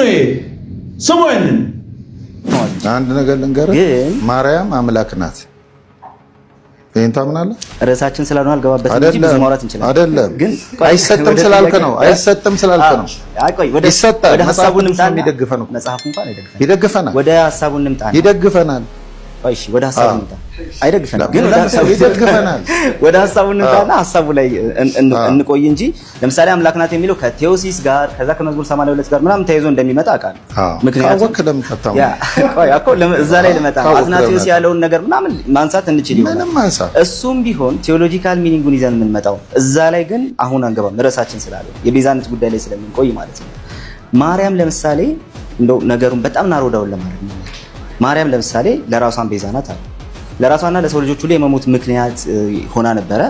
ነው ይሄ። ስሙ ያንን አንድ ነገር ልንገር፣ ማርያም አምላክ ናት። ይህን ታምናለህ? ርዕሳችን ስላልሆነ አልገባበትም እንጂ ብዙ ማውራት እንችላለን። አይደለም ግን አይሰጥም ስላልክ ነው። አይሰጥም ስላልክ ነው። ይሰጣል። መጽሐፉን እንምጣና ይደግፈናል። ይደግፈናል ወደ እሺ ወደ ሀሳቡ እንምጣ። አይደግፈንም ግን ወደ ሀሳቡ እንምጣና ሀሳቡ ላይ እንቆይ እንጂ ለምሳሌ አምላክናት የሚለው ከቴዎሲስ ጋር ከዛ ከመዝሙር 82 ጋር ምናምን ተያይዞ እንደሚመጣ አውቃለሁ። ምክንያቱም እዛ ላይ ልመጣ አትናቴዎስ ያለውን ነገር ምናምን ማንሳት እንችል ይሆናል። እሱም ቢሆን ቴዎሎጂካል ሚኒንጉን ይዘን የምንመጣው እዛ ላይ ግን አሁን አንገባም፣ ርዕሳችን ስላለ የቤዛነት ጉዳይ ላይ ስለምንቆይ ማለት ነው። ማርያም ለምሳሌ እንደው ነገሩን በጣም ናሮዳውን ለማድረግ ነው ማርያም ለምሳሌ ለራሷን ቤዛ ናት አለ። ለራሷና ለሰው ልጆች ሁሉ የመሞት ምክንያት ሆና ነበረ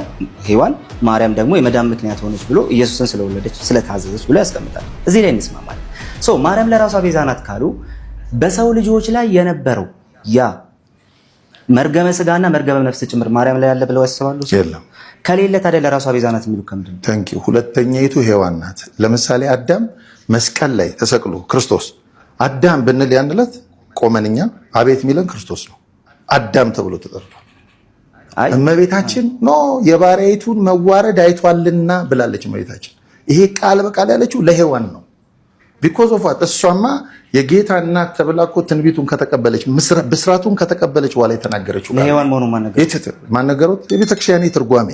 ሔዋን። ማርያም ደግሞ የመዳን ምክንያት ሆነች ብሎ ኢየሱስን ስለወለደች ስለታዘዘች ብሎ ያስቀምጣል። እዚህ ላይ እንስማማለን። ማርያም ለራሷ ቤዛ ናት ካሉ በሰው ልጆች ላይ የነበረው ያ መርገመ ስጋና መርገመ ነፍስ ጭምር ማርያም ላይ ያለ ብለው ያስባሉ። ከሌለ ታዲያ ለራሷ ቤዛ ናት የሚሉ ከምንድን ነው? ተንክ ሁለተኛይቱ ሔዋን ናት። ለምሳሌ አዳም መስቀል ላይ ተሰቅሎ ክርስቶስ አዳም ብንል ያንለት ቆመን እኛ አቤት የሚለን ክርስቶስ ነው። አዳም ተብሎ ተጠርቷል። እመቤታችን ኖ የባሪያይቱን መዋረድ አይቷልና ብላለች እመቤታችን። ይሄ ቃል በቃል ያለችው ለሔዋን ነው። ቢኮዝ ኦፍ ዋት እሷማ የጌታ እናት ተብላ እኮ ትንቢቱን ከተቀበለች ብስራቱን ከተቀበለች በኋላ የተናገረችው ማነገሮት የቤተክርስቲያን ትርጓሜ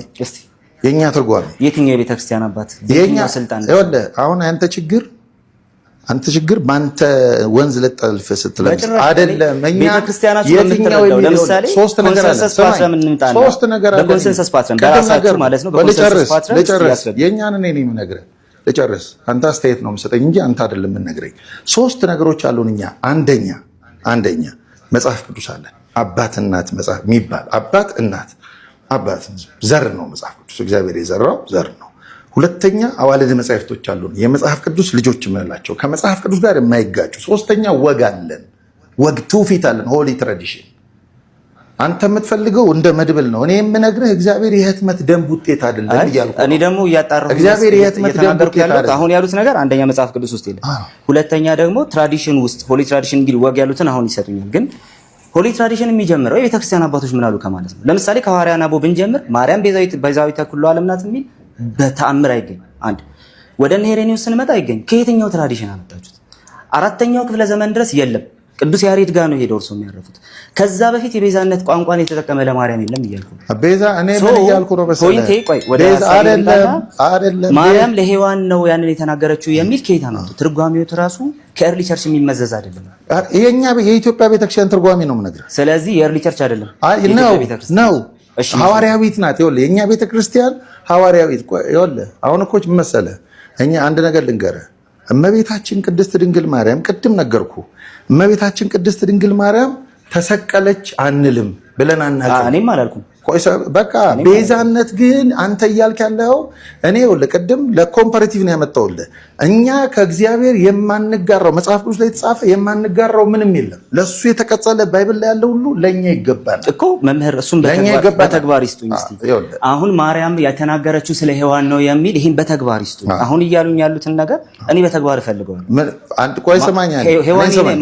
የእኛ ትርጓሜ የትኛው የቤተክርስቲያን አባት አሁን አንተ ችግር አንተ ችግር በአንተ ወንዝ ልጠልፍ ስትለምስ አይደለም። እኛ ሶስት ነገር ሶስት ነገር አለ። ማለት ነው። በኮንሰንሰስ ፓትረን ልጨርስ፣ የእኛን እኔ ነኝ አንተ አስተያየት ነው የምሰጠኝ እንጂ አንተ አይደለም የምነግረኝ። ሶስት ነገሮች አሉን እኛ። አንደኛ አንደኛ መጽሐፍ ቅዱስ አለ። አባት እናት መጽሐፍ የሚባል አባት እናት አባት ዘር ነው መጽሐፍ ቅዱስ። እግዚአብሔር የዘራው ዘር ነው ሁለተኛ አዋልድ መጻሕፍቶች አሉ፣ የመጽሐፍ ቅዱስ ልጆች የምንላቸው ከመጽሐፍ ቅዱስ ጋር የማይጋጩ። ሶስተኛ ወግ አለን፣ ወግ ትውፊት አለን፣ ሆሊ ትራዲሽን። አንተ የምትፈልገው እንደ መድብል ነው። እኔ የምነግርህ እግዚአብሔር የህትመት ደንብ ውጤት አይደለም እያልኩ እኔ ደግሞ እያጣራሁ እግዚአብሔር የህትመት ደንብ ውጤት አሁን ያሉት ነገር አንደኛ መጽሐፍ ቅዱስ ውስጥ የለም፣ ሁለተኛ ደግሞ ትራዲሽን ውስጥ ሆሊ ትራዲሽን እንግዲህ ወግ ያሉትን አሁን ይሰጡኛል ግን ሆሊ ትራዲሽን የሚጀምረው የቤተክርስቲያን አባቶች ምን አሉ ከማለት ነው። ለምሳሌ ከሐዋርያን አቦ ብንጀምር ማርያም ቤዛዊት ተኩላ ዓለም ናት የሚል በተአምር አይገኝ። አንድ ወደ ሄሬኒውስ ስንመጣ አይገኝ። ከየትኛው ትራዲሽን አመጣችሁት? አራተኛው ክፍለ ዘመን ድረስ የለም። ቅዱስ ያሬድ ጋር ነው ሄደው እርሶ የሚያረፉት። ከዛ በፊት የቤዛነት ቋንቋን የተጠቀመ ለማርያም የለም እያልኩ ቤዛ እኔ ምን እያልኩ ነው መሰለህ? ማርያም ለሔዋን ነው ያንን የተናገረችው የሚል ከየት አመጡ? ትርጓሚዎት ራሱ ከኤርሊ ቸርች የሚመዘዝ አይደለም። የእኛ የኢትዮጵያ ቤተክርስቲያን ትርጓሚ ነው የምነግርህ። ስለዚህ የኤርሊ ቸርች አይደለም ነው ሐዋርያዊት ናት። ይኸውልህ የእኛ ቤተክርስቲያን ሐዋርያዊት ይኸውልህ አሁን እኮ መሰለህ እኛ አንድ ነገር ልንገርህ እመቤታችን ቅድስት ድንግል ማርያም ቅድም ነገርኩ። እመቤታችን ቅድስት ድንግል ማርያም ተሰቀለች አንልም ብለን አናውቅም። እኔም አላልኩም። በቃ ቤዛነት ግን አንተ እያልክ ያለው እኔ ይኸውልህ፣ ቅድም ለኮምፐሬቲቭ ነው ያመጣሁልህ። እኛ ከእግዚአብሔር የማንጋራው መጽሐፍ ቅዱስ ላይ የተጻፈ የማንጋራው ምንም የለም። ለእሱ የተቀጸለ ባይብል ላይ ያለ ሁሉ ለእኛ ይገባል እኮ መምህር። እሱም በተግባር ይስጡኝ። አሁን ማርያም የተናገረችው ስለ ሔዋን ነው የሚል ይህን በተግባር ይስጡኝ። አሁን እያሉኝ ያሉትን ነገር እኔ በተግባር እፈልገዋለሁ። ቆይ ስማኝ፣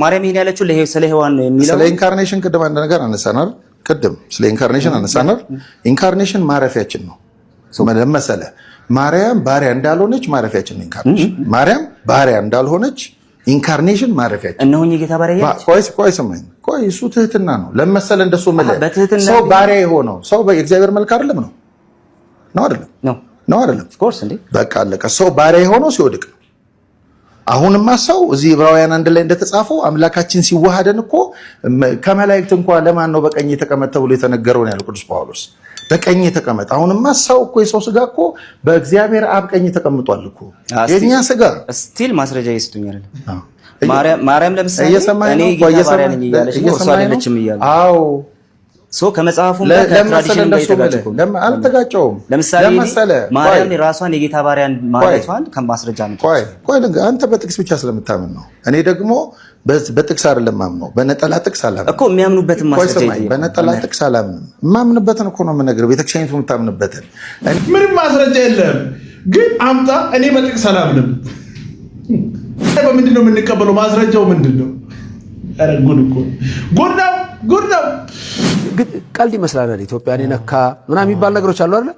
ማርያም ይሄን ያለችው ስለ ሔዋን ነው የሚለው ስለ ኢንካርኔሽን ቅድም አንድ ነገር አነሳናል ቅድም ስለ ኢንካርኔሽን አነሳነር ኢንካርኔሽን ማረፊያችን ነው መሰለ ማርያም ባሪያ እንዳልሆነች ማረፊያችን ነው ኢንካርኔሽን ማርያም ባሪያ እንዳልሆነች ኢንካርኔሽን ማረፊያችን እነሆኝ የጌታ ባሪያ ቆይ ስማኝ ቆይ እሱ ትህትና ነው ለመሰለ እንደሱ ምልህ ሰው ባሪያ የሆነው ሰው የእግዚአብሔር መልክ አይደለም ነው ነው አይደለም ነው አይደለም በቃ አለቀ ሰው ባሪያ የሆነው ሲወድቅ ነው አሁንማ ሰው እዚህ ዕብራውያን አንድ ላይ እንደተጻፈው አምላካችን ሲዋሃደን እኮ ከመላእክት እንኳ ለማን ነው በቀኝ የተቀመጥ ተብሎ የተነገረው ያለው ቅዱስ ጳውሎስ በቀኝ የተቀመጠ አሁንማ ሰው እኮ የሰው ስጋ እኮ በእግዚአብሔር አብ ቀኝ ተቀምጧል እኮ የእኛ ስጋ ስቲል ማስረጃ ይስጡኛል። ማርያም ለምሳሌ እየሰማኝ ነው እያለች ነው እሷ አይደለችም አዎ ሶ ከመጽሐፉም ጋር ከትራዲሽን ጋር የተጋጨ አልተጋጨውም። ለምሳሌ ማርያም ራሷን የጌታ ባሪያን ማለቷን ከማስረጃ ነው። ቆይ አንተ በጥቅስ ብቻ ስለምታምን ነው። እኔ ደግሞ በጥቅስ አይደለም ማምነው፣ በነጠላ ጥቅስ አላምንም እኮ የሚያምኑበትን ማስረጃ በነጠላ ጥቅስ አላምንም። የማምንበትን እኮ ነው የምነግርህ፣ ቤተክርስቲያኒቱ የምታምንበትን። ምንም ማስረጃ የለም ግን አምጣ። እኔ በጥቅስ አላምንም። በምንድን ነው የምንቀበለው? ማስረጃው ምንድን ነው? ጉድ እኮ ጉድ ነው፣ ጉድ ነው። ቀልድ ይመስላል። ኢትዮጵያን ነካ ምናምን የሚባል ነገሮች አሉ አይደለ?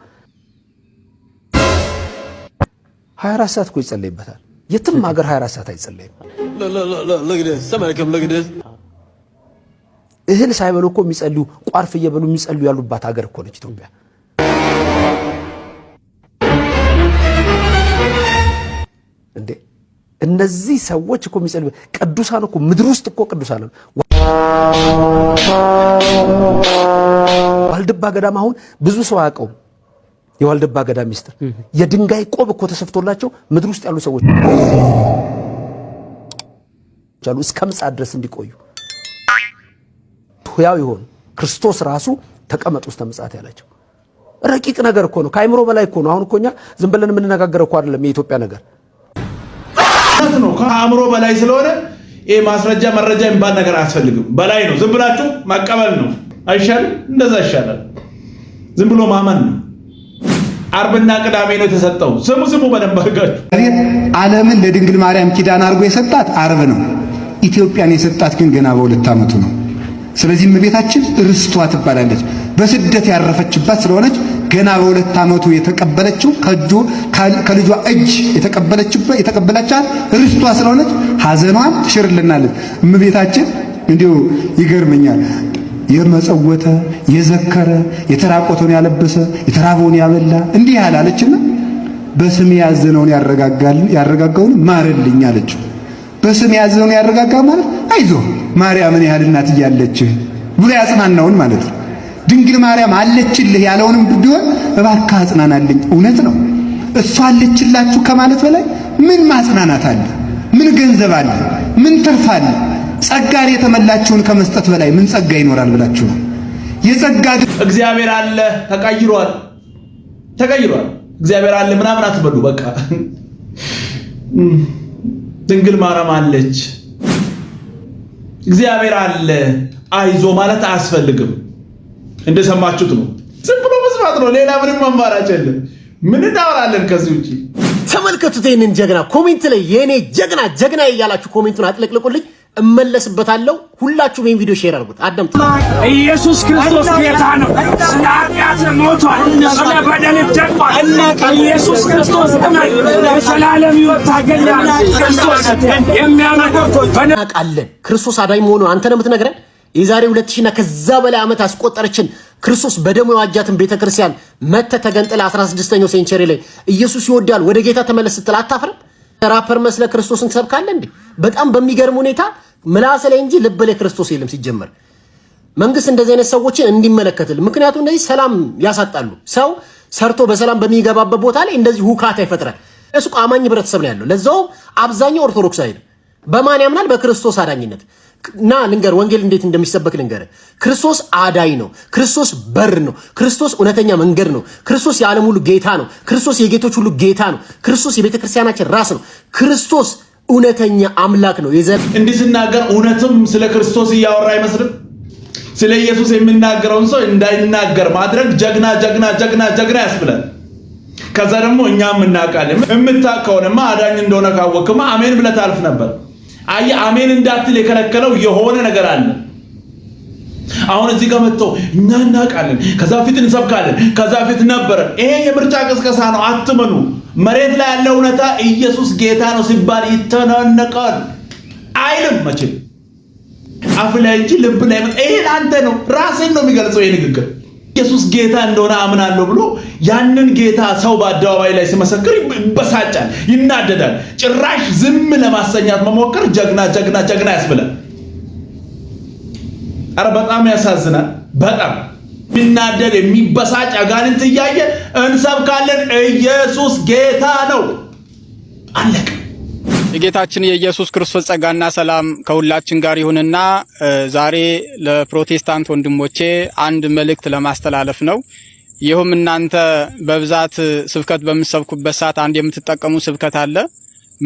24 ሰዓት እኮ ይጸለይበታል። የትም ሀገር 24 ሰዓት አይጸለይም። እህል ሳይበሉ እኮ የሚጸልዩ ቋርፍ እየበሉ የሚጸልዩ ያሉባት ሀገር እኮ ነች ኢትዮጵያ። እንዴ እነዚህ ሰዎች እኮ የሚጸልዩ ቅዱሳን እኮ ምድር ውስጥ እኮ ቅዱሳን ዋልድባ ገዳም አሁን ብዙ ሰው አያውቀውም። የዋልድባ ገዳም ሚስጥር የድንጋይ ቆብ እኮ ተሰፍቶላቸው ምድር ውስጥ ያሉ ሰዎች አሉ እስከ ምጽአት ድረስ እንዲቆዩ ሕያው የሆኑ ክርስቶስ ራሱ ተቀመጡ ውስጥ ምጽአት ያላቸው ረቂቅ ነገር እኮ ነው። ከአይምሮ በላይ እኮ ነው። አሁን እኮ እኛ ዝም ብለን የምንነጋገር እኮ አይደለም። የኢትዮጵያ ነገር ነው ከአእምሮ በላይ ስለሆነ ይሄ ማስረጃ መረጃ የሚባል ነገር አያስፈልግም። በላይ ነው። ዝም ብላችሁ ማቀበል ነው አይሻልም? እንደዛ ይሻላል። ዝም ብሎ ማመን ነው። አርብና ቅዳሜ ነው የተሰጠው። ስሙ ስሙ በደንብ አድርጋችሁ። ዓለምን ለድንግል ማርያም ኪዳን አድርጎ የሰጣት አርብ ነው። ኢትዮጵያን የሰጣት ግን ገና በሁለት ዓመቱ ነው። ስለዚህ እመቤታችን ርስቷ ትባላለች። በስደት ያረፈችባት ስለሆነች ገና በሁለት ዓመቱ የተቀበለችው ከእጁ ከልጇ እጅ የተቀበለችበት የተቀበላቻት ርስቷ ስለሆነች ሐዘኗን ትሽርልናለች። እመቤታችን እንዲሁ ይገርመኛል። የመጸወተ የዘከረ የተራቆተውን ያለበሰ የተራበውን ያበላ እንዲህ ያላለችና በስም ያዘነውን ያረጋጋል ያረጋጋውን ማርልኝ አለችው። በስም ያዘነውን ያረጋጋ ማለት አይዞ ማርያምን ያህል እናት እያለችህ ብሎ ያጽናናውን ማለት ነው። ድንግል ማርያም አለችልህ ያለውንም ቢሆን እባክህ አጽናናልኝ። እውነት ነው እሷ አለችላችሁ ከማለት በላይ ምን ማጽናናት አለ? ምን ገንዘብ አለ? ምን ትርፍ አለ? ጸጋን የተመላችሁን ከመስጠት በላይ ምን ጸጋ ይኖራል ብላችሁ ነው። የጸጋ እግዚአብሔር አለ ተቀይሯል፣ ተቀይሯል እግዚአብሔር አለ ምናምን አትበሉ። በቃ ድንግል ማርያም አለች እግዚአብሔር አለ አይዞ ማለት አያስፈልግም። እንደሰማችሁት ነው። ዝም ብሎ መስማት ነው። ሌላ ምንም አማራጭ የለም። ምን እናወራለን ከዚህ ውጭ? ተመልከቱት ይህንን ጀግና። ኮሜንት ላይ የእኔ ጀግና ጀግና እያላችሁ ኮሜንቱን አጥለቅልቁልኝ፣ እመለስበታለሁ። ሁላችሁም ይህን ቪዲዮ ሼር አድርጉት። አዳምጡ። ኢየሱስ ክርስቶስ ጌታ ነው። ስለ ኃጢአት ሞቷል፣ ስለ በደል ደቋል። ኢየሱስ ክርስቶስ እመን፣ ለዘላለም ሕይወት ታገኛለህ። ክርስቶስ የሚያመጣው በናቃለን። ክርስቶስ አዳኝ መሆኑን አንተ ነው የምትነግረን የዛሬ ሁለት ሺና ከዛ በላይ ዓመት አስቆጠረችን ክርስቶስ በደሙ የዋጃትን ቤተ ክርስቲያን መተ ተገንጥለ 16ኛው ሴንቸሪ ላይ ኢየሱስ ይወዳል ወደ ጌታ ተመለስ ስትል አታፍርም? ራፐር መስለ ክርስቶስን ትሰብካለ እንዴ? በጣም በሚገርም ሁኔታ ምላስ ላይ እንጂ ልብ ላይ ክርስቶስ የለም። ሲጀመር መንግስት እንደዚህ አይነት ሰዎችን እንዲመለከትል፣ ምክንያቱም እነዚህ ሰላም ያሳጣሉ። ሰው ሰርቶ በሰላም በሚገባበት ቦታ ላይ እንደዚህ ሁካታ ይፈጥራል። እሱ አማኝ ህብረተሰብ ነው ያለው። ለዛውም አብዛኛው ኦርቶዶክስ አይደል። በማን ያምናል? በክርስቶስ አዳኝነት ና ልንገር፣ ወንጌል እንዴት እንደሚሰበክ ልንገር። ክርስቶስ አዳይ ነው። ክርስቶስ በር ነው። ክርስቶስ እውነተኛ መንገድ ነው። ክርስቶስ የዓለም ሁሉ ጌታ ነው። ክርስቶስ የጌቶች ሁሉ ጌታ ነው። ክርስቶስ የቤተ ክርስቲያናችን ራስ ነው። ክርስቶስ እውነተኛ አምላክ ነው። የዘ እንዲህ ስናገር እውነትም ስለ ክርስቶስ እያወራ አይመስልም። ስለ ኢየሱስ የሚናገረውን ሰው እንዳይናገር ማድረግ ጀግና ጀግና ጀግና ጀግና ያስብላል። ከዛ ደግሞ እኛም እናውቃለን። የምታውቅ አዳኝ እንደሆነ ካወቅማ አሜን ብለህ ታልፍ ነበር። አየህ፣ አሜን እንዳትል የከለከለው የሆነ ነገር አለ። አሁን እዚህ ጋር መጥተው እኛ እናውቃለን፣ ከዛ ፊት እንሰብካለን፣ ከዛ ፊት ነበረ። ይሄ የምርጫ ቅስቀሳ ነው፣ አትመኑ። መሬት ላይ ያለ እውነታ ኢየሱስ ጌታ ነው ሲባል ይተናነቃል አይልም መቼም አፍ ላይ እንጂ ልብ ላይ ይሄ አንተ ነው ራሴን ነው የሚገልጸው ይሄ ንግግር ኢየሱስ ጌታ እንደሆነ አምናለሁ ብሎ ያንን ጌታ ሰው በአደባባይ ላይ ሲመሰክር ይበሳጫል፣ ይናደዳል። ጭራሽ ዝም ለማሰኛት መሞከር ጀግና ጀግና ጀግና ያስብላል። አረ በጣም ያሳዝናል። በጣም የሚናደድ የሚበሳጭ አጋንንት እያየ እንሰብካለን። ኢየሱስ ጌታ ነው። አለቀ። የጌታችን የኢየሱስ ክርስቶስ ጸጋና ሰላም ከሁላችን ጋር ይሁንና ዛሬ ለፕሮቴስታንት ወንድሞቼ አንድ መልእክት ለማስተላለፍ ነው። ይህም እናንተ በብዛት ስብከት በምትሰብኩበት ሰዓት አንድ የምትጠቀሙ ስብከት አለ።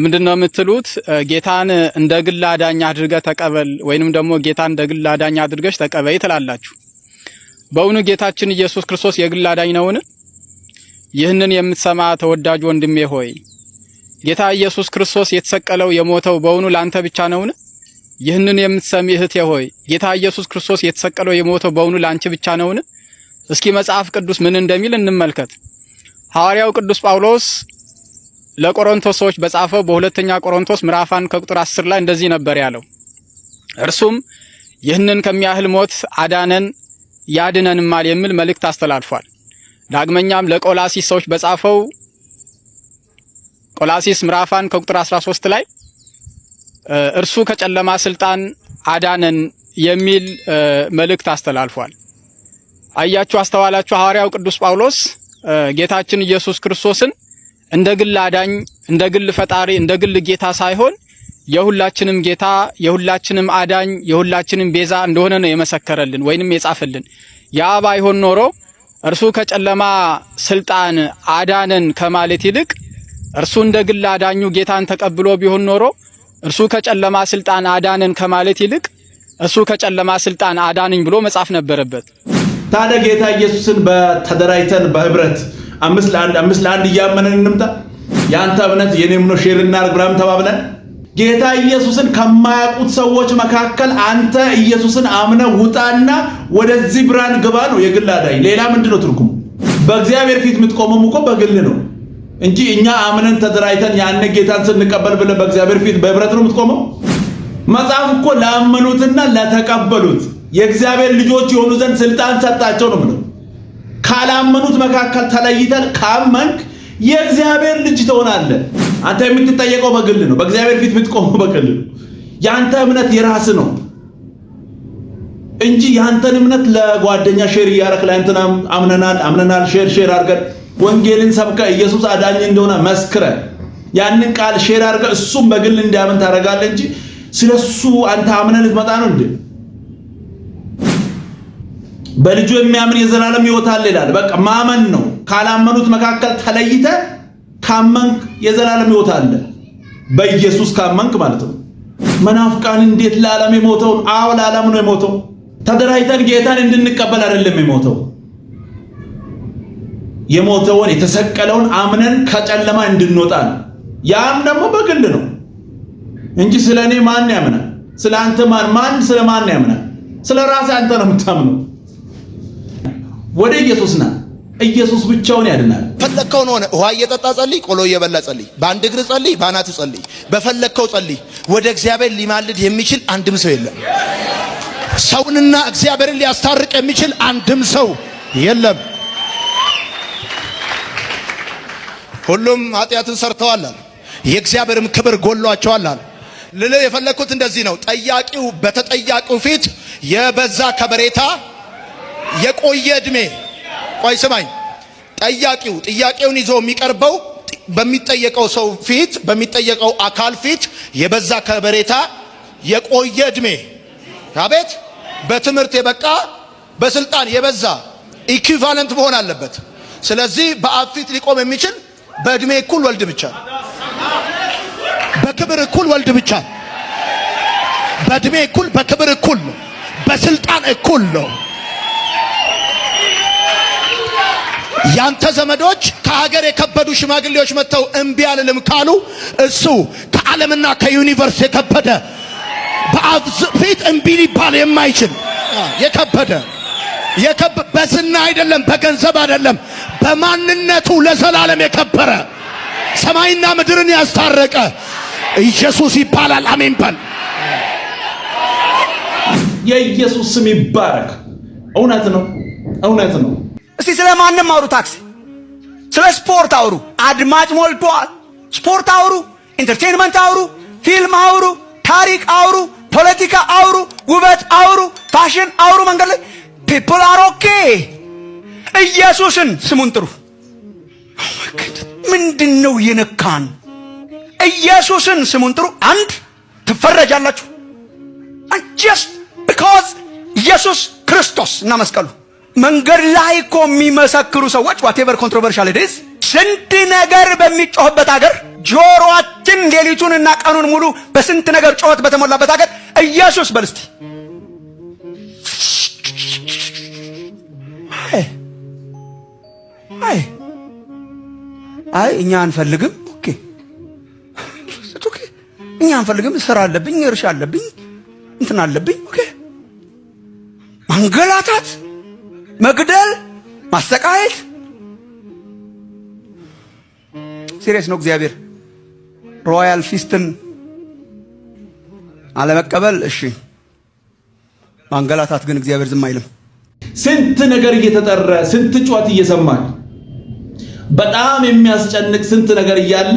ምንድን ነው የምትሉት? ጌታን እንደ ግል አዳኝ አድርገ ተቀበል ወይንም ደግሞ ጌታን እንደ ግል አዳኝ አድርገሽ ተቀበይ ትላላችሁ። በእውኑ ጌታችን ኢየሱስ ክርስቶስ የግል አዳኝ ነውን? ይህንን የምትሰማ ተወዳጅ ወንድሜ ሆይ ጌታ ኢየሱስ ክርስቶስ የተሰቀለው የሞተው በውኑ ላንተ ብቻ ነውን? ይህንን የምትሰሚ እህቴ ሆይ ጌታ ኢየሱስ ክርስቶስ የተሰቀለው የሞተው በውኑ ላንቺ ብቻ ነውን? እስኪ መጽሐፍ ቅዱስ ምን እንደሚል እንመልከት። ሐዋርያው ቅዱስ ጳውሎስ ለቆሮንቶስ ሰዎች በጻፈው በሁለተኛ ቆሮንቶስ ምዕራፍ ከቁጥር 10 ላይ እንደዚህ ነበር ያለው። እርሱም ይህንን ከሚያህል ሞት አዳነን ያድነንማል የሚል መልእክት አስተላልፏል። ዳግመኛም ለቆላሲ ሰዎች በጻፈው ቆላሲስ ምዕራፍ አንድ ከቁጥር 13 ላይ እርሱ ከጨለማ ስልጣን አዳነን የሚል መልእክት አስተላልፏል። አያችሁ፣ አስተዋላችሁ። ሐዋርያው ቅዱስ ጳውሎስ ጌታችን ኢየሱስ ክርስቶስን እንደ ግል አዳኝ፣ እንደ ግል ፈጣሪ፣ እንደ ግል ጌታ ሳይሆን የሁላችንም ጌታ የሁላችንም አዳኝ የሁላችንም ቤዛ እንደሆነ ነው የመሰከረልን ወይንም የጻፈልን። ያ ባይሆን ኖሮ እርሱ ከጨለማ ስልጣን አዳነን ከማለት ይልቅ እርሱ እንደ ግል አዳኙ ጌታን ተቀብሎ ቢሆን ኖሮ እርሱ ከጨለማ ስልጣን አዳነን ከማለት ይልቅ እሱ ከጨለማ ስልጣን አዳነኝ ብሎ መጻፍ ነበረበት። ታዲያ ጌታ ኢየሱስን በተደራጅተን በህብረት አምስት ለአንድ አምስት ለአንድ እያመነን እንምጣ፣ የአንተ እምነት የኔም ነው፣ ሼር እናድርግ ብላም ተባብለን ጌታ ኢየሱስን ከማያውቁት ሰዎች መካከል አንተ ኢየሱስን አምነ ውጣና ወደዚህ ብራን ግባ ነው የግል አዳኝ። ሌላ ምንድን ነው ትርጉሙ? በእግዚአብሔር ፊት የምትቆመው እኮ በግል ነው። እንጂ እኛ አምነን ተደራጅተን ያን ጌታን ስንቀበል ብለን በእግዚአብሔር ፊት በህብረት ነው የምትቆመው። መጽሐፍ እኮ ላመኑትና ለተቀበሉት የእግዚአብሔር ልጆች የሆኑ ዘንድ ስልጣን ሰጣቸው ነው ምንም። ካላመኑት መካከል ተለይተን ካመንክ የእግዚአብሔር ልጅ ትሆናለህ። አንተ የምትጠየቀው በግል ነው። በእግዚአብሔር ፊት የምትቆመው በግል ነው። ያንተ እምነት የራስ ነው እንጂ ያንተን እምነት ለጓደኛ ሼር እያረክ ለእንትና አምነናል አምነናል ሼር ሼር አድርገን ወንጌልን ሰብከ ኢየሱስ አዳኝ እንደሆነ መስክረ ያንን ቃል ሼር አድርገ እሱም በግል እንዲያምን ታደርጋለህ እንጂ ስለሱ አንተ አምነህ ልትመጣ ነው እንዴ? በልጁ የሚያምን የዘላለም ሕይወት አለ ይላል። በቃ ማመን ነው። ካላመኑት መካከል ተለይተ ካመንክ የዘላለም ሕይወት አለ። በኢየሱስ ካመንክ ማለት ነው። መናፍቃን እንዴት ለዓለም የሞተውን? አዎ ለዓለም ነው የሞተው። ተደራጅተን ጌታን እንድንቀበል አይደለም የሞተው የሞተውን የተሰቀለውን አምነን ከጨለማ እንድንወጣ ነው። ያም ደግሞ በግል ነው እንጂ ስለ እኔ ማን ያምናል? ስለ አንተ ማን ማን ስለ ማን ያምናል? ስለ ራስህ አንተ ነው የምታምነው። ወደ ኢየሱስ ና። ኢየሱስ ብቻውን ያድናል። ፈለግከውን ሆነ ውሃ እየጠጣ ጸልይ፣ ቆሎ እየበላ ጸልይ፣ በአንድ እግር ጸልይ፣ በአናት ጸልይ፣ በፈለግከው ጸልይ። ወደ እግዚአብሔር ሊማልድ የሚችል አንድም ሰው የለም። ሰውንና እግዚአብሔርን ሊያስታርቅ የሚችል አንድም ሰው የለም። ሁሉም ኃጢአትን ሰርተዋል አለ። የእግዚአብሔርም ክብር ጎሏቸዋል አለ። ልልህ የፈለግኩት እንደዚህ ነው። ጠያቂው በተጠያቂው ፊት የበዛ ከበሬታ፣ የቆየ እድሜ። ቆይ ስማኝ። ጠያቂው ጥያቄውን ይዞ የሚቀርበው በሚጠየቀው ሰው ፊት፣ በሚጠየቀው አካል ፊት የበዛ ከበሬታ፣ የቆየ እድሜ። አቤት! በትምህርት የበቃ በስልጣን የበዛ ኢኩቫለንት መሆን አለበት። ስለዚህ በአፊት ሊቆም የሚችል በእድሜ እኩል ወልድ ብቻ፣ በክብር እኩል ወልድ ብቻ፣ በእድሜ እኩል፣ በክብር እኩል ነው፣ በስልጣን እኩል ነው። ያንተ ዘመዶች ከሀገር የከበዱ ሽማግሌዎች መጥተው እምቢ አልልም ካሉ እሱ ከዓለምና ከዩኒቨርስ የከበደ በአብ ፊት እምቢ ሊባል የማይችል የከበደ በስና አይደለም፣ በገንዘብ አይደለም በማንነቱ ለዘላለም የከበረ ሰማይና ምድርን ያስታረቀ ኢየሱስ ይባላል። አሜን በል። የኢየሱስ ስም ይባረክ። እውነት ነው፣ እውነት ነው። እስቲ ስለ ማንም አውሩ፣ ታክሲ ስለ ስፖርት አውሩ፣ አድማጭ ሞልቷል። ስፖርት አውሩ፣ ኢንተርቴንመንት አውሩ፣ ፊልም አውሩ፣ ታሪክ አውሩ፣ ፖለቲካ አውሩ፣ ውበት አውሩ፣ ፋሽን አውሩ። መንገድ ላይ ፒፕል አር ኦኬ ኢየሱስን ስሙን ጥሩ። ምንድን ነው የነካን? ኢየሱስን ስሙን ጥሩ። አንድ ትፈረጃላችሁ። ጀስት ቢካዝ ኢየሱስ ክርስቶስ እና መስቀሉ መንገድ ላይ እኮ የሚመሰክሩ ሰዎች ዋቴቨር ኮንትሮቨርሻል ዴዝ ስንት ነገር በሚጮህበት ሀገር ጆሮአችን ሌሊቱን እና ቀኑን ሙሉ በስንት ነገር ጮኸት በተሞላበት ሀገር ኢየሱስ በልስቲ አይ አይ እኛ አንፈልግም፣ ኦኬ ኦኬ፣ እኛ አንፈልግም፣ ስራ አለብኝ፣ እርሻ አለብኝ፣ እንትን አለብኝ፣ ኦኬ። ማንገላታት፣ መግደል፣ ማሰቃየት ሲሪየስ ነው። እግዚአብሔር ሮያል ፊስትን አለመቀበል እሺ፣ ማንገላታት ግን እግዚአብሔር ዝም አይልም። ስንት ነገር እየተጠራ ስንት ጩኸት እየሰማን በጣም የሚያስጨንቅ ስንት ነገር እያለ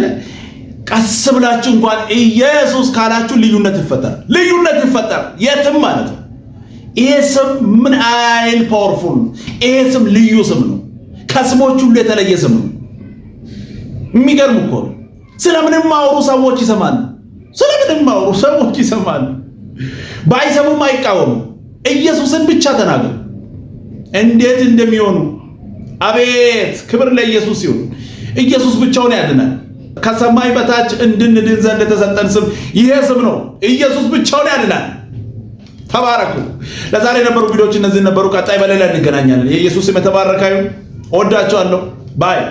ቀስ ብላችሁ እንኳን ኢየሱስ ካላችሁ ልዩነት ይፈጠር ልዩነት ይፈጠር የትም ማለት ነው። ይሄ ስም ምን አይል ፓወርፉል ይሄ ስም ልዩ ስም ነው። ከስሞች ሁሉ የተለየ ስም ነው። የሚገርም እኮ ነው። ስለምንም አውሩ ሰዎች ይሰማሉ። ስለምንም አውሩ ሰዎች ይሰማሉ። ባይሰሙም አይቃወሙ። ኢየሱስን ብቻ ተናገሩ። እንዴት እንደሚሆኑ አቤት ክብር ለኢየሱስ ይሁን። ኢየሱስ ብቻውን ያድናል። ከሰማይ በታች እንድንድን ዘንድ የተሰጠን ስም ይሄ ስም ነው። ኢየሱስ ብቻውን ያድናል። ተባረኩ። ለዛሬ የነበሩ ቪዲዮዎች እነዚህ ነበሩ። ቀጣይ በሌላ እንገናኛለን። የኢየሱስ ስም የተባረከ ይሁን። እወዳቸዋለሁ። ባይ